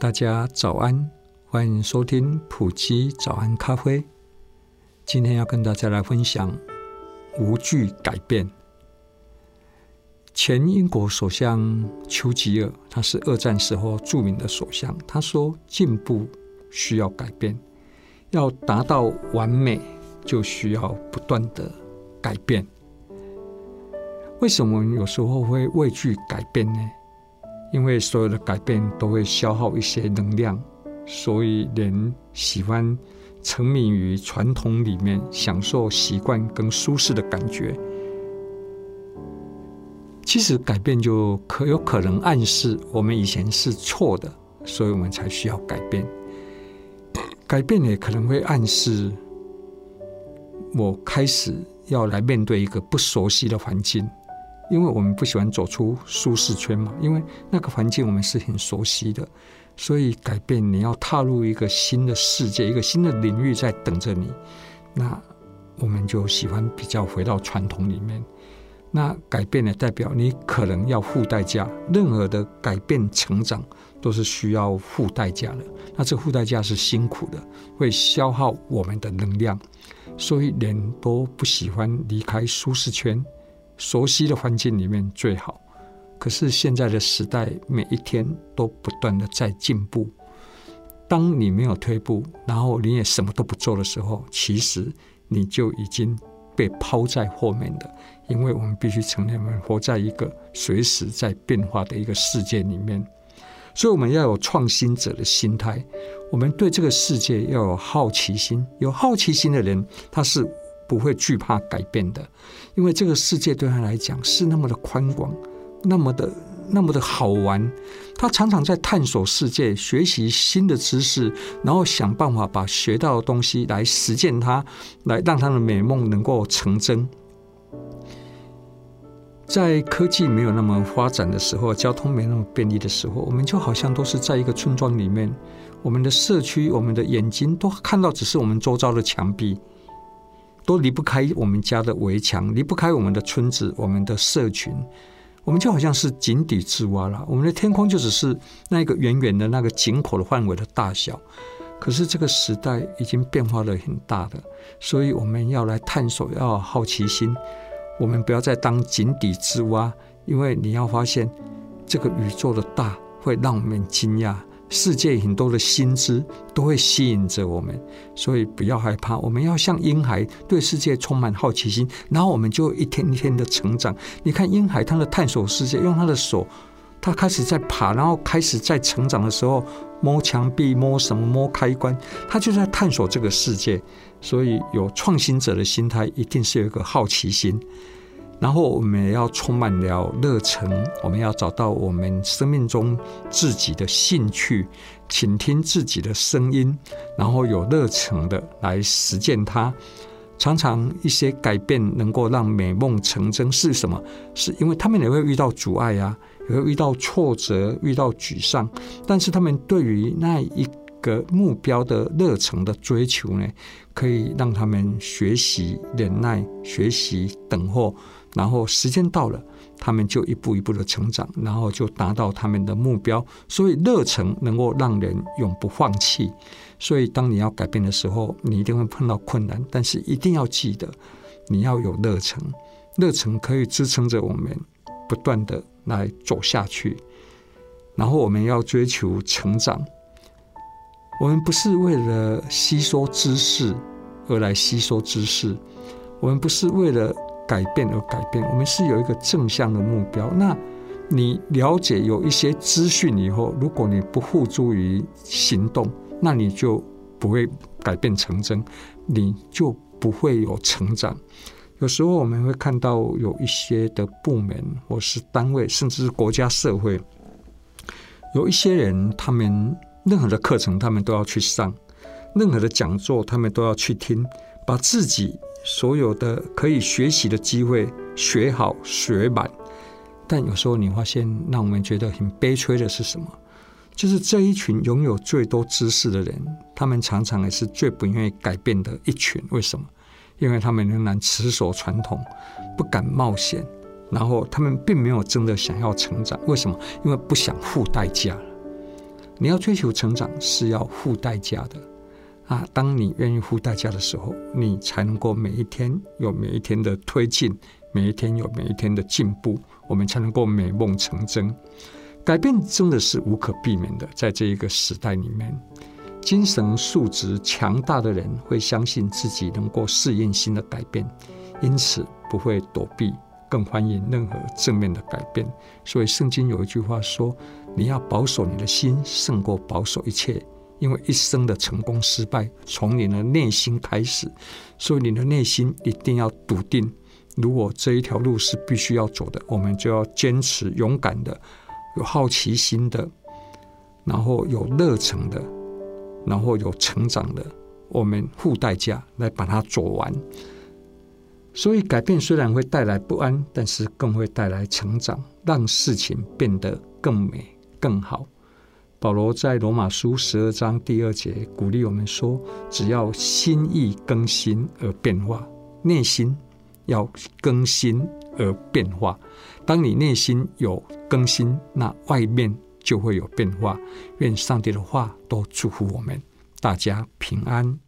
大家早安，歡迎收聽埔基早安咖啡。今天要跟大家來分享“無懼改變”。前英國首相丘吉爾，他是二戰時候著名的首相。他說：“進步需要改變，要達到完美，就需要不斷的改變。”為什麼有時候會畏懼改變呢？因為所有的改變都會消耗一些能量，所以人喜歡沉迷於傳統裡面，享受習慣跟舒適的感覺。其實改變就可有可能暗示我們以前是錯的，所以我們才需要改變。改變也可能會暗示我開始要來面對一個不熟悉的環境。因為我們不喜歡走出舒適圈嘛，因為那個環境我們是很熟悉的，所以改變你要踏入一個新的世界，一個新的領域在等着你。那我們就喜歡比較回到傳統裡面。那改變也代表你可能要付代價，任何的改變、成長都是需要付代價的。那這付代價是辛苦的，會消耗我們的能量，所以人都不喜歡離開舒適圈。熟悉的環境裡面最好，可是現在的時代每一天都不斷的在進步。當你沒有退步，然後你也什麼都不做的時候，其實你就已經被拋在後面了。因為我們必須成年人活在一個隨時在變化的一個世界裡面，所以我們要有創新者的心態。我們對這個世界要有好奇心。有好奇心的人，他是。不會懼怕改變的，因為這個世界對他來講是那麼的寬廣，那麼的那麼的好玩。他常常在探索世界，學習新的知識，然後想辦法把學到的東西來實踐它，來讓他的美夢能夠成真。在科技沒有那麼發展的時候，交通沒有那麼便利的時候，我們就好像都是在一個村莊裡面，我們的社區，我們的眼睛都看到只是我們周遭的牆壁。都離不開我們家的圍牆，離不開我們的村子、我們的社群，我們就好像是井底之蛙了。我們的天空就只是那一個遠遠的那個井口的範圍的大小。可是這個時代已經變化的很大了，所以我們要來探索，要有好奇心。我們不要再當井底之蛙，因為你要發現這個宇宙的大會讓我們驚訝。世界很多的新知都會吸引着我們，所以不要害怕。我們要像嬰孩，對世界充滿好奇心，然後我們就一天一天的成長。你看嬰孩他的探索世界，用他的手，他開始在爬，然後開始在成長的時候摸牆壁、摸什麼、摸開關，他就在探索這個世界。所以有創新者的心態，一定是有一個好奇心。然後我們也要充滿了熱忱，我們要找到我們生命中自己的興趣，傾聽自己的聲音，然後有熱忱的來實踐它。常常一些改變能夠讓美夢成真是什麼？是因為他們也會遇到阻礙呀、啊，也會遇到挫折，遇到沮喪，但是他們對於那一個目標的熱忱的追求呢，可以讓他們學習忍耐，學習等候。然後時間到了，他們就一步一步的成長，然後就達到他們的目標。所以，熱忱能夠讓人永不放棄。所以，當你要改變的時候，你一定會碰到困難，但是一定要記得，你要有熱忱。熱忱可以支撐着我們不斷的來走下去。然後，我們要追求成長。我們不是為了吸收知識而來吸收知識，我們不是為了。改變而改變，我們是有一個正向的目標。那你了解有一些資訊以後，如果你不付諸於行動，那你就不會改變成真，你就不會有成長。有時候我們會看到有一些的部門或是單位，甚至是國家社會，有一些人，他們任何的課程他們都要去上，任何的講座他們都要去聽，把自己。所有的可以學習的機會，學好學滿。但有時候你發現，讓我們覺得很悲催的是什麼？就是這一群擁有最多知識的人，他們常常也是最不願意改變的一群。為什麼？因為他們仍然持守傳統，不敢冒險，然後他們並沒有真的想要成長。為什麼？因為不想付代價。你要追求成長，是要付代價的。啊，當你願意付代價的時候，你才能夠每一天有每一天的推進，每一天有每一天的進步，我們才能夠美夢成真。改變真的是無可避免的，在這一個時代裡面，精神素質強大的人會相信自己能夠適應新的改變，因此不會躲避，更歡迎任何正面的改變。所以聖經有一句話說：“你要保守你的心，勝過保守一切。”因為一生的成功失敗，從你的內心開始，所以你的內心一定要篤定。如果這一條路是必須要走的，我們就要堅持、勇敢的、有好奇心的，然後有熱誠的，然後有成長的，我們付代價來把它做完。所以，改變雖然會帶來不安，但是更會帶來成長，讓事情變得更美、更好。保羅在羅馬書十二章第二節鼓勵我們說：“只要心意更新而變化，內心要更新而變化。當你內心有更新，那外面就會有變化。”願上帝的話都祝福我們，大家平安。